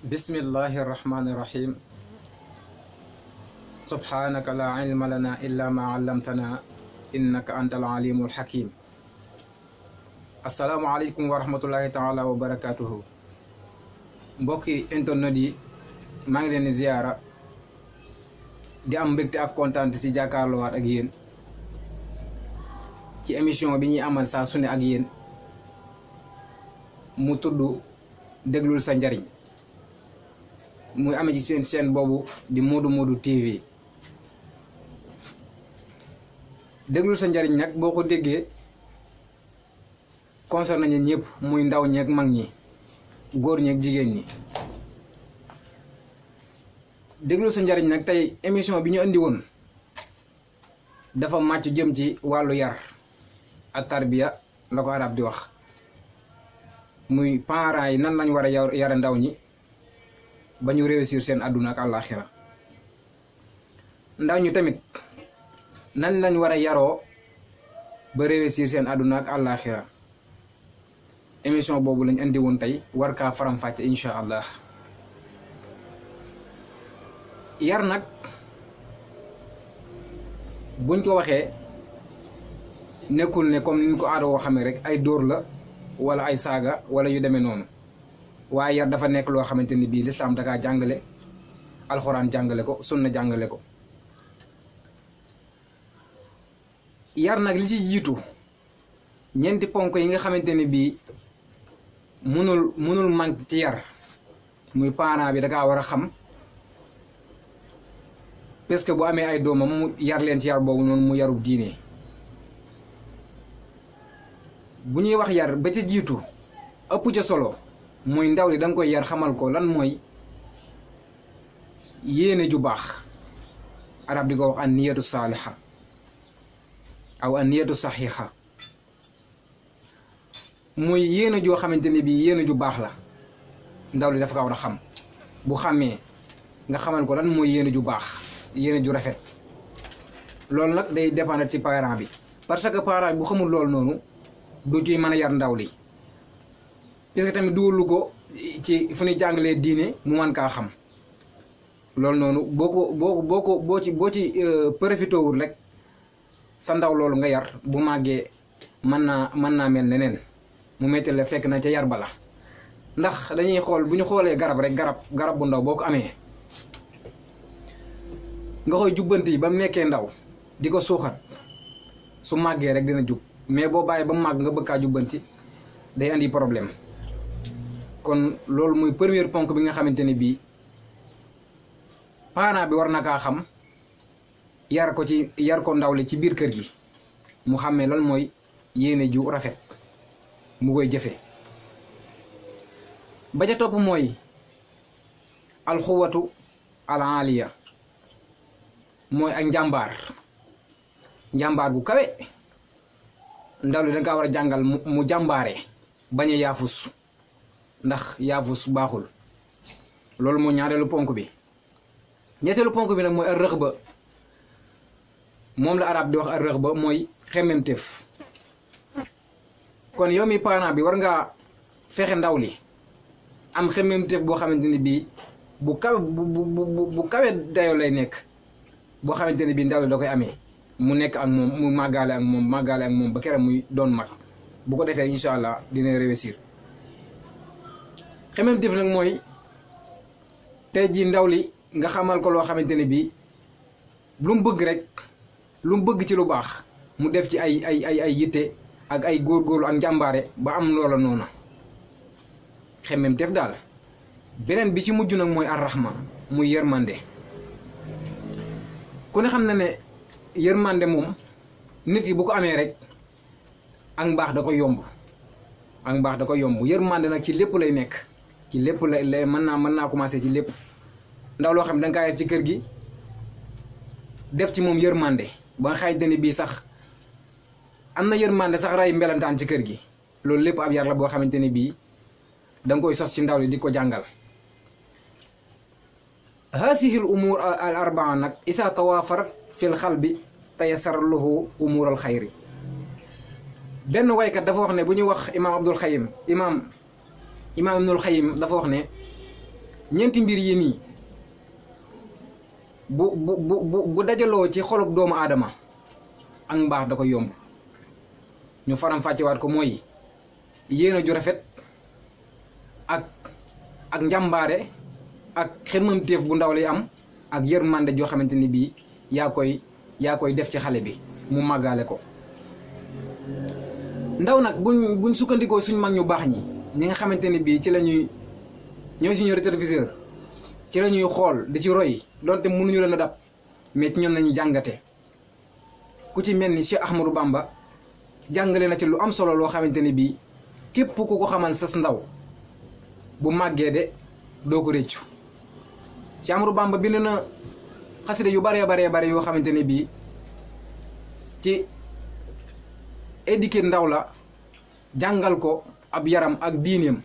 bismillahi irrahmani irrahim subhaanaka laa ilma lana illa ma allamtana innaka anta alalimu alxakim asalaamu aleykum wa rahmatullahi wa barakatuhu mbokki internet yi maa ngi leen di ziyaara di am mbégte ak kontaan ci jàkkaarloowaat ak yéen ci émission bi ñuy amal saa su ak yéen mu tudd déglul sa njariñ muy ame ci seen seen boobu di Modou Modou TV déglu sa njariñ nag boo ko déggee concerné nañu ñëpp muy ndaw ñeek mag ñi góor ñeek jigéen ñi déglu sa njariñ nag tey émission bi ñu indi woon dafa màcc jëm ci wàllu yar ak tarbiya la ko arab di wax muy parents yi nan lañu war a yare ndaw ñi ba ñu réussir seen àdduna ak àllaaxira ndaw ñu tamit nan lañ war a yaroo ba réussir seen àdduna ak àllaaxira émission boobu lañ indi woon tey war kaa faram-fàcce incha allah yar nag buñ ko waxee nekkul ne comme niñ ko aada woo xamee rek ay dóor la wala ay saaga wala yu demee noonu waaye yar dafa nekk loo xamante ni bii lislaam dakaa jàngale alxuraan jàngale ko sunna jàngale ko yar nag li ci jiitu ñeenti ponk yi nga xamante ni bii munul munul manque ci yar muy parent bi dakaa war a xam parce que bu amee ay doomam mu yar leen ci yar boobu noonu mu yarub diine bu ñuy wax yar ba ca jiitu ëpp ca solo muy ndaw li da nga koy yar xamal ko lan mooy yéene ju baax arab di ko wax an niyatu saaliha aw an niyatu saxiixa muy yéene joo xamante ni bii yéene ju baax la ndaw li dafa ko war a xam bu xàmmee nga xamal ko lan mooy yéene ju baax yéene ju rafet loolu nag day dépendre ci parent bi parce que parent bi bu xamul loolu noonu du ciy mën a yar ndaw li parce que tamit dugalu ko ci fu ñuy jàngalee diine mu man kaa xam loolu noonu boo ko boo boo ko boo ci boo ci euh, profité wul rek sa ndaw loolu nga yar bu màggee mën naa mën naa mel neneen mu metti la fekk na ca yar ba la ndax dañuy xool bu ñu xoolee garab rek garab garab bu ndaw boo ko amee nga koy jubbanti ba mu nekkee ndaw di ko suuxat su màggee rek dina jub mais boo bàyyi ba mu màgg nga bëgg kaa jubbanti day andi problème kon loolu mooy premier ponk bi nga xamante ne bii parent bi war na kaa xam yar ko ci yar ndaw li ci biir kër gi mu xàmmee lan mooy yéene ju rafet mu koy jëfee ba ca topp mooy alxuwatu alaaliya mooy ak njàmbaar njàmbaar gu kawe ndaw li da nga war a jàngal mu jàmbaare bañ a yaafus ndax yaafus baaxul loolu moo ñaareelu ponk bi ñetteelu ponk bi nag mooy ar ba moom la arab di wax ar ba mooy xemmemteef kon yow mi bi war ngaa fexe ndaw am xemmemteef boo xamante bi bii bu kawe bu bu bu kawe lay nekk boo xamante bi bii ndaw li da koy amee mu nekk ak moom mu màggaale ak moom màggaale ak moom ba muy doon bu ko dina réussir. xemmeemteef nag mooy tey jii ndaw li nga xamal ko loo xamante ne bii lu mu bëgg rek lu mu bëgg ci lu baax mu def ci ay ay ay ay yitte ak ay góor góorlu ak njàmbaare ba am loola noona def daal beneen bi ci mujj nag mooy arrahma muy yërmande ku ne xam na ne yërmande moom nit yi bu ko amee rek ak mbaax da ko yomb ak mbaax da ko yomb yërmande nag ci lépp lay nekk. ci lepp la lay man na man na commencé ci lepp ndaw lo xam dang da ci kër gi def ci mom yërmande ba xay xaaj bi sax amna na sax ray mbelantaan ci kër gi loolu lepp ab yar la bo xamanteni bi dang koy sos ci ndaw li di jangal jàngal haasihi umur al arbaa nak isa tawaafarat fil xalbi tayassar lahu umur al xayri benn waykat dafa wax ne buñu wax imam abdul Khayyim Imam imaam Ibnul Xayyim dafa wax ne ñeenti mbir yi nii bu bu bu bu dajaloo ci xolub doomu aadama ak mbaax da ko yomb ñu faram fàccewaat ko mooy yéene ju rafet ak ak njàmbaare ak xemmam téef bu ndaw lay am ak yërmande joo xamante ni bii yaa koy yaa koy def ci xale bi mu màggaale ko ndaw nag buñ buñ sukkandikoo suñ mag ñu baax ñi ñi nga xamante ne bii ci la ñuy ñooy suñu rétroviseur ci la ñuy xool di ci roy donte mënuñu leen a dab mais ci ñoom nañu jàngate ku ci mel ni Cheikh Ahmadou Bamba jàngale na ci lu am solo loo xamante ne bii képp ku ko xamal sas ndaw bu màggee de doo ko réccu Cheikh Ahmadou Bamba bind na xasida yu baree baree bare yoo xamante ne bii ci éduquer ndaw la jàngal ko ab yaram ak diineem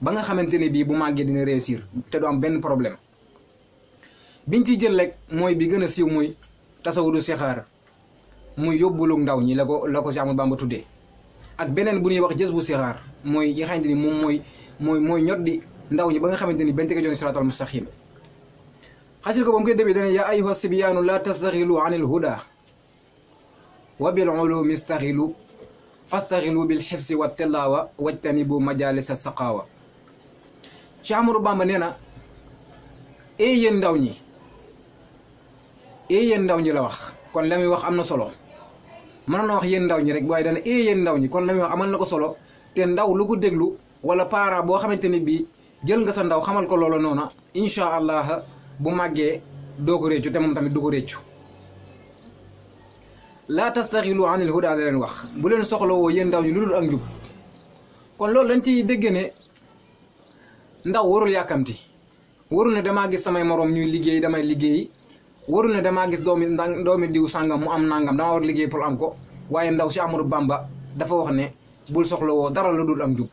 ba nga xamante ne bii bu màggee dina réussir te du am benn problème biñ ciy jël rek mooy bi gën a siiw muy tasawudu sixaar muy yóbbulu ndaw ñi la ko la ko si amul Bamba tuddee ak beneen bu ñuy wax jës bu sixaar mooy yi ni moom mooy mooy mooy ñot di ndaw ñi ba nga xamante ni benn tege joon siraatal mustaqim xasil ko ba mu koy débee dane yaa ayyuha sibyaanu la tastaxilu an il huda wa bil ulumi staxilu fastaxilu bil xifsi wa tilaawa wajtani bu sa saqaawa Cheikh Amadou Bamba nee na ee eh yéen ndaw ñi ee eh yéen ndaw ñi la wax kon la muy wax am na solo mënoon na wax yéen ndaw ñi rek waaye dana ee eh yéen ndaw ñi kon la muy wax amal na ko solo te ndaw lu ko déglu wala para boo xamante ni bii jël nga sa ndaw xamal ko loola noona incha allah bu màggee doo ko réccu te moom tamit du ko réccu laata tastaxilu anil huda la leen wax bu leen soxlawoo yéen ndaw ñi lu dul ak njub kon loolu dañ ciy dégg ndaw warul yàkkamti warul ne damaa gis samay moroom ñuy liggéey damay liggéey warul ne damaa gis doomi doomi diw sàngam mu am nangam dama war liggéey pour am ko waaye ndaw si Amadou bàmba dafa wax ne bul soxlawoo dara lu dul ak njub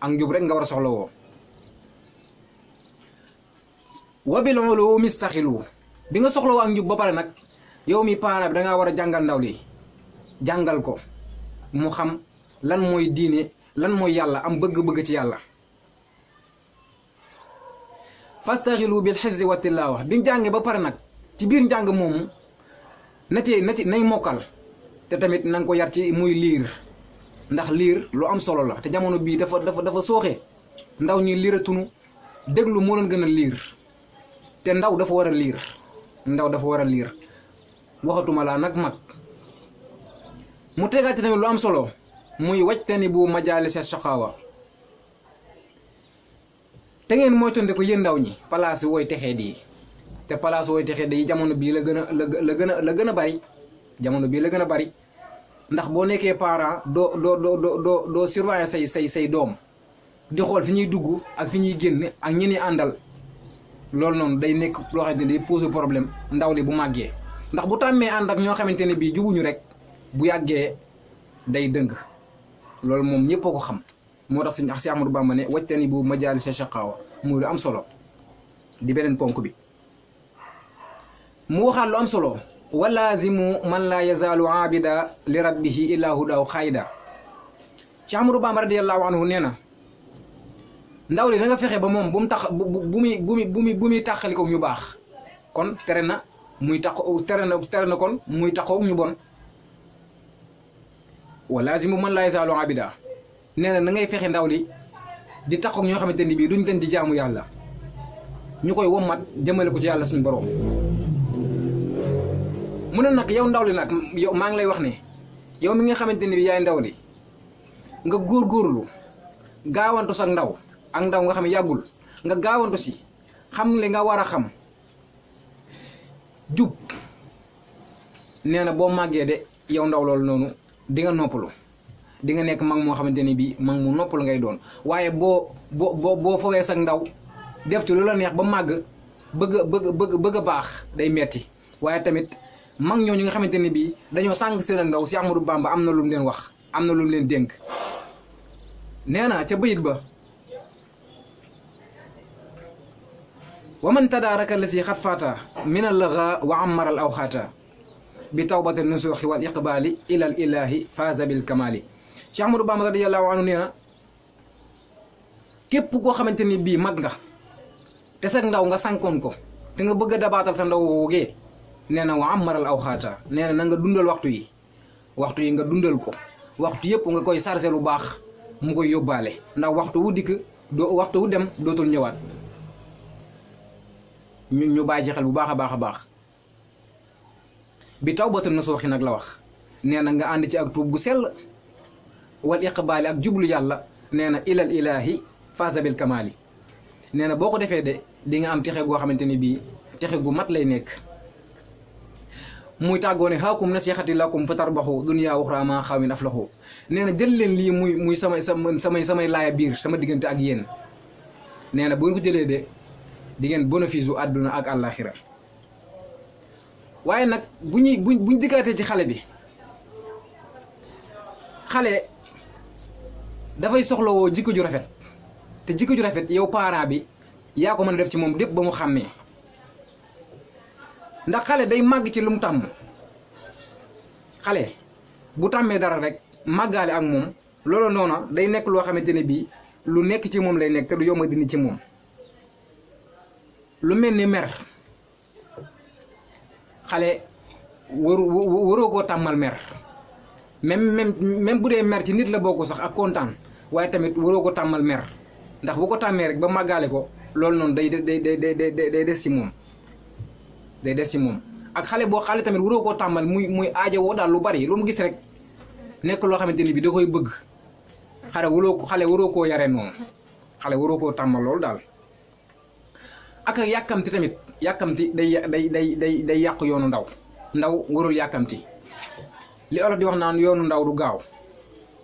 ak njub rek nga war a soxlawoo wabil ulumi staxilu bi nga soxlawoo ak njub ba pare nag yow mi parent bi war a jàngal ndaw li jàngal ko mu xam lan mooy diine lan mooy yàlla am bëgg-bëgg ci yàlla fastaxilu bil xifzi wa tilaawa bi jàngee ba pare nag ci biir jàng moomu na ci na ci nañ mokkal te tamit na ko yar ci muy liir ndax liir lu am solo la te jamono bii dafa dafa dafa sooxe ndaw ñi liiratunu déglu moo leen gën a liir te ndaw dafa war a liir ndaw dafa war a liir waxatuma laa nag mag mu tegaati tamit lu am solo muy wajtani bu sa shaqaawa te ngeen moytandiku yéen ndaw ñi palaas yi wooy texee di te palaas wooy texe di jamono bii la gën a la gën a la gën a bari jamono bii la gën a bari ndax boo nekkee parent doo doo doo doo doo surveiller say say say doom di xool fi ñuy dugg ak fi ñuy génn ak ñi ñuy àndal loolu noonu day nekk loo xam ne day poser problème ndaw li bu màggee. ndax bu tàmmee ànd ak ñoo xamante ne bii jubuñu rek bu yagge day dëng lol mom ñëpp ko xam moo tax sëñ si Ahmadou Bamba ne bu majaali sa muy lu am solo di beneen ponk bi mu waxaat lu am solo walaazimu man la yazaalu abida li illa illaa hudaw xayda Cheikh Ahmadou Bamba radiallahu anhu nee na ndaw li da nga fexe ba moom bu mu tax bu bu bu bu ñu kon terena muy takko tere na na kon muy takkoog ñu bon walaazimu man la saaloo abida neena na ngay fexé ndawli di takkoog ñoo xamanteni bi duñ den di jaamu yalla ñukoy koy wommat jëmale ko ci yalla suñu borom mune ne yow ndawli nak nag yow ngi lay wax ni yow mi nga xamanteni bi yaay gor gawantu ndaw ak ndaw nga yagul nga gawantu si xam li nga wara xam jub nee na boo màggee de yow ndaw loolu noonu di nga noppalu di nga nekk mag moo xamante ni bii mag mu noppalu ngay doon waaye boo boo boo boo fogee sag ndaw def ci lu la neex ba màgg bëgg a bëgg baax day metti waaye tamit mag ñooñu nga xamante ni bii dañoo sànq seen a ndaw si Amadou Bamba am na lu leen wax am na lu leen dénk nee na ca bayit ba ومن تدارك الذي قد فات من اللغة وعمر الأوخات بتوبة النسوخ والإقبال إلى الإله فاز بالكمال Cheikh Amadou Bamba radiyallahu anhu nee na képp koo xamante ni bii mag nga te sa ndaw nga sankon ko te nga bëgg a sa ndaw woogee neena wa amaral al awhata neena nga dundal waxtu yi waxtu yi nga dundal ko waxtu yep nga koy chargé lu mu koy yobale ndax waxtu wu dikk waxtu wu dem dotul ñewat ñu ñu baaji xel bu baaxa baaxa baax bi tawbatu nasuhi nak la wax neena nga and ci ak tub gu sel wal iqbal ak jublu yalla neena ilal ilahi faza bil kamali neena boko defé de di nga am texe go xamanteni bi bii gu mat lay nek muy tagone hakum nasihati lakum fatarbahu dunya wa uxra ma khawin aflahu neena jël leen li muy muy samay samay samay laaya bir sama digënté ak yeen neena bu ngeen ko jëlé de di ngeen bénéfice àdduna ak àllaaxira waaye nag bu ñuy bu buñ dikkaatee ci xale bi xale dafay soxlawoo jikko ju rafet te jikko ju rafet yow parent bi yaa ko mën a def ci moom lépp ba mu xàmmee ndax xale day màgg ci lu mu tàmm xale bu tàmmee dara rek màggaale ak moom loolu noona day nekk loo xamante ne bii lu nekk ci moom lay nekk te du yomb dindi ci moom lu mel ni mer xale waru waroo koo tàmmal mer même même même bu dee mer ci nit la bokk sax ak kontaan waaye tamit waroo ko tàmmal mer ndax bu ko tàmmee rek ba màggaale ko loolu noonu day day day day day des ci moom day des ci moom ak xale boo xale tamit waroo ko tàmmal muy muy aajowoo daal lu bari lu mu gis rek nekk loo xamante ni bi da koy bëgg xale waroo ko xale waroo koo yaree noonu xale waroo koo tàmmal loolu daal. ak yakamti tamit yakamti day day day day day yak yoonu ndaw ndaw ngorul yakamti li olof di wax naan yoonu ndaw du gaaw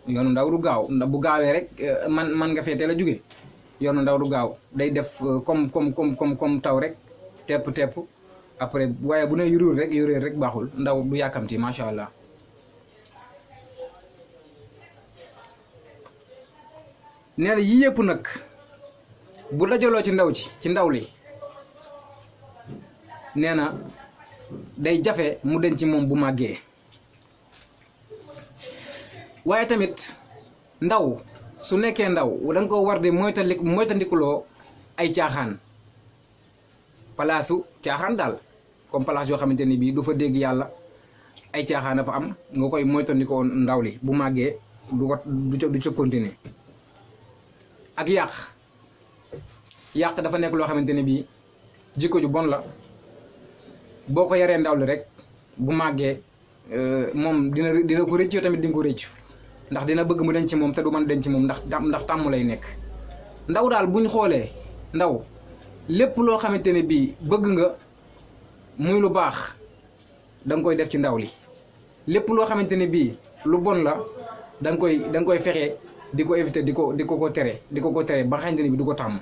yoonu ndaw du gaaw bu gaawee rek eh, man man nga fété la juggé jóge yoonu ndaw du gaaw day def eh, comme comme comme comme comme taw rek tép tép après waaye bu né yuréer rek yuré rek baxul ndaw du ma sha allah. nee yi yii nak nag bu dajaloo ci ndaw ci ci ndaw li. nee na day jafe mu ci moom bu màggee waaye tamit ndaw su nekkee ndaw da ko war di moytandikuloo ay caaxaan palaasu caaxaan daal comme palaas yoo xamante ni bii du fa dégg yàlla ay caaxaan dafa am nga koy moytandikoo ndaw li bu màggee du ko du ca continuer ak yàq yàq dafa nekk loo xamante ne bii jikko ju bon la boo ko yaree ndaw li rek bu màggee euh, moom dina dina ko rëcc tamit di nga ko rëcc ndax dina bëgg mu denc moom te du mën denc moom ndax ndax tàmm lay nekk ndaw daal buñ xoolee ndaw lépp loo xamante ne bii bëgg nga muy lu baax danga koy def ci ndaw li lépp loo xamante ni bii lu bon la danga koy da koy fexe di ko éviter di ko di ko ko tere di ko ko tere ba xamante ne bii du ko tàmm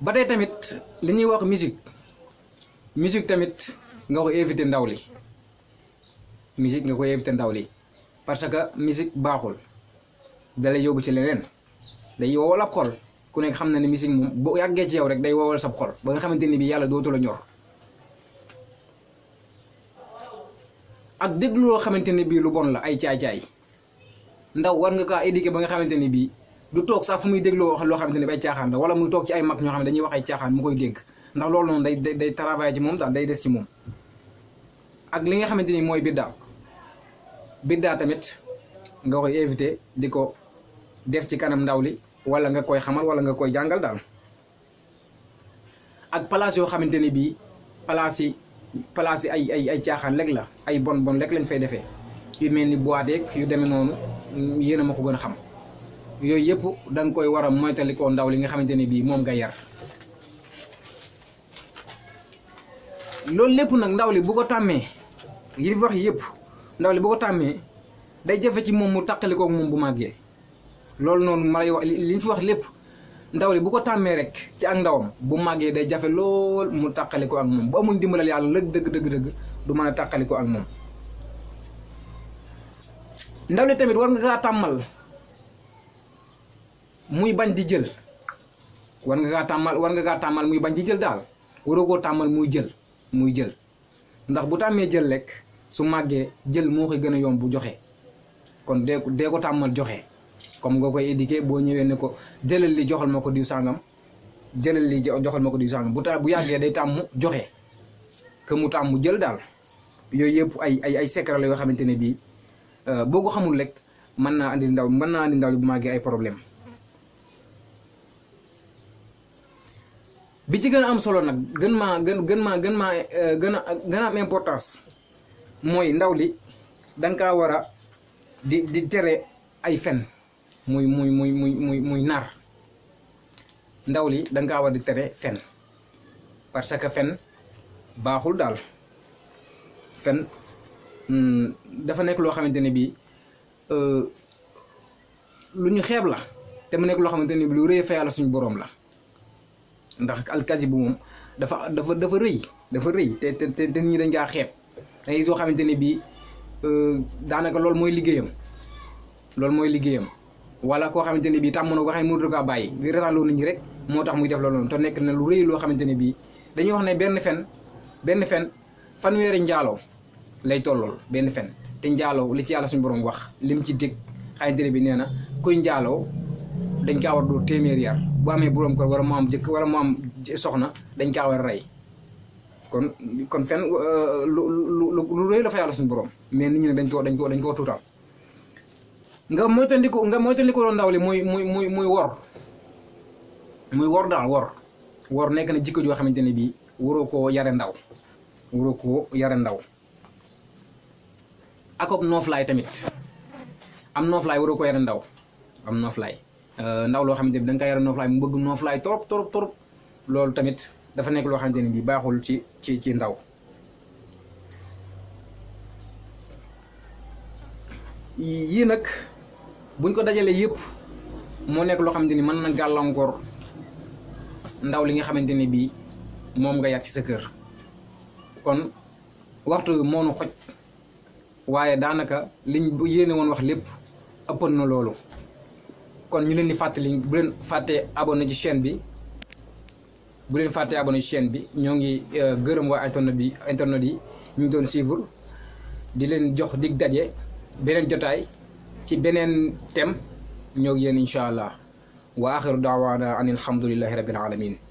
ba tey tamit li ñuy wax misik musique tamit nga ko éviter ndaw li musique nga ko éviter ndaw li parce que musique baaxul dalay yóbbu ci leneen day wowal ab xol ku nekk xam na ne musique moom boo yàggee ci yow rek day wowal sab xol ba nga xamante ni bii yàlla dootu la ñor ak déglu loo xamante ni bii lu bon la ay caay-caay ndaw war nga kaa éduquer ba nga xamante ni bii du toog sax fu muy dégloo wax loo xamante ne bay caaxaan la wala muy toog ci ay mag ñoo xam dañuy wax ay caaxaan mu koy dégg ndax loolu noonu day day day travail ci moom daal day des ci moom ak li nga xamante ni mooy biddaa biddaa tamit nga koy éviter di ko def ci kanam ndaw li wala nga koy xamal wala nga koy jàngal daal ak place yoo xamante ni bii place yi place yi ay ay ay caaxaan lekk la ay bon bon lekk lañu fay defee yu mel ni boîte yu demee noonu yéen a ma ko gën a xam. yooyu yëpp danga koy war a moytalikoo ndaw li nga xamante ne bii moom nga yar loolu lépp nag ndaw li bu ko tàmmee yi wax yépp ndaw li bu ko tàmmee day jafe ci moom mu tàqalikook moom bu màggee loolu noonu ma li ñu wax lépp ndaw li bu ko tàmmee rek ci ak ndawam bu màggee day jafe lool mu tàqaliko ak moom ba amul dimbalal yàlla lëg dëgg dëgg dëgg du mën a ak moom ndaw li tamit war nga kaa tàmmal muy bañ di jël war nga tamal war nga tamal muy bañ di jël dal waro koo tamal muy jël muy jël ndax bu tamé jël lek su maggé jël mo xey gëna yomb bu kon dé ko dé ko tamal joxé comme gokoy édiqué bo ñëwé né ko jëlal li joxal mako ko diw sàngam jëlal li joxal mako ko diw sàngam bu ta bu yaggé day tam joxé ke mu tam jël dal yoy yëpp ay ay ay secret la yo xamante bi euh boko xamul lek man na andi ndaw man na andi ndaw bu màggee ay problème bi ci gën am solo nag gën maa gën gën maa gën maa eh, gën a gën a am importance mooy ndaw li da nga kaa war a di di tere ay fen muy muy muy muy muy muy nar ndaw li da nga kaa war di tere fen parce que fen baaxul daal fen mm, dafa nekk loo xamante ne bii euh, lu ñu xeeb la te mu nekk loo xamante ne lu réy fa yàlla suñu borom la ndax alkaasi bu moom dafa dafa dafa rëy dafa rëy te te te ñi dañ kaa xeeb dangay soo xamante ne bii euh, daanaka lool mooy liggéeyam loolu mooy liggéeyam wala koo xamante ne tam tàmm na ko waxee mënatu kaa bàyyi di reetaanloo nit ñi rek moo tax muy def loolu noonu te nekk na lu rëy loo xamante ne bii dañuy wax ne benn fen benn fen fanweeri njaaloo lay tollool benn fen te njaaloo li ci yàlla suñu borom wax lim ci dégg xamante bi nee na kuy njaaloo dañ ca war do téeméer yar bu amé borom ko wara mo am jëk wara mo am soxna dañ ca war ray kon kon euh, lu lu lu lu reuy la fa yalla sun borom mais nit ñi lu dañ lu dañ lu dañ lu tutal nga lu nga lu lu lu lu moy moy moy lu wor moy wor lu wor wor nek na jikko lu xamanteni lu lu lu lu yare ndaw lu lu yare ndaw no lu tamit am lu lu ko yare ndaw am lu Euh, ndaw loo xamante ni da nga koy yar nooflaay mu bëgg nooflaay trop trop trop loolu tamit dafa nekk loo xamante ne bi baaxul ci ci ci ndaw yii nag buñ ko dajalee yépp moo nekk loo xamante ni mën na gàllankoor ndaw li nga xamante ni bii moom nga yar ci sa kër kon waxtu moonu xoj waaye daanaka liñ yéene woon wax lépp ëppoon na loolu kon ñu leen di fàttali bu leen fàttee abonné ci bi bu leen fàtte abonné ci chaîne bi ñoo ngi euh, gërëm waa internet bi internet yi ñu ngi doon suivre di leen jox dig daje beneen jotaay ci beneen thème ñoo ngi yéen incha allah waa axiru daawaana an alhamdulillahi rabbil alamin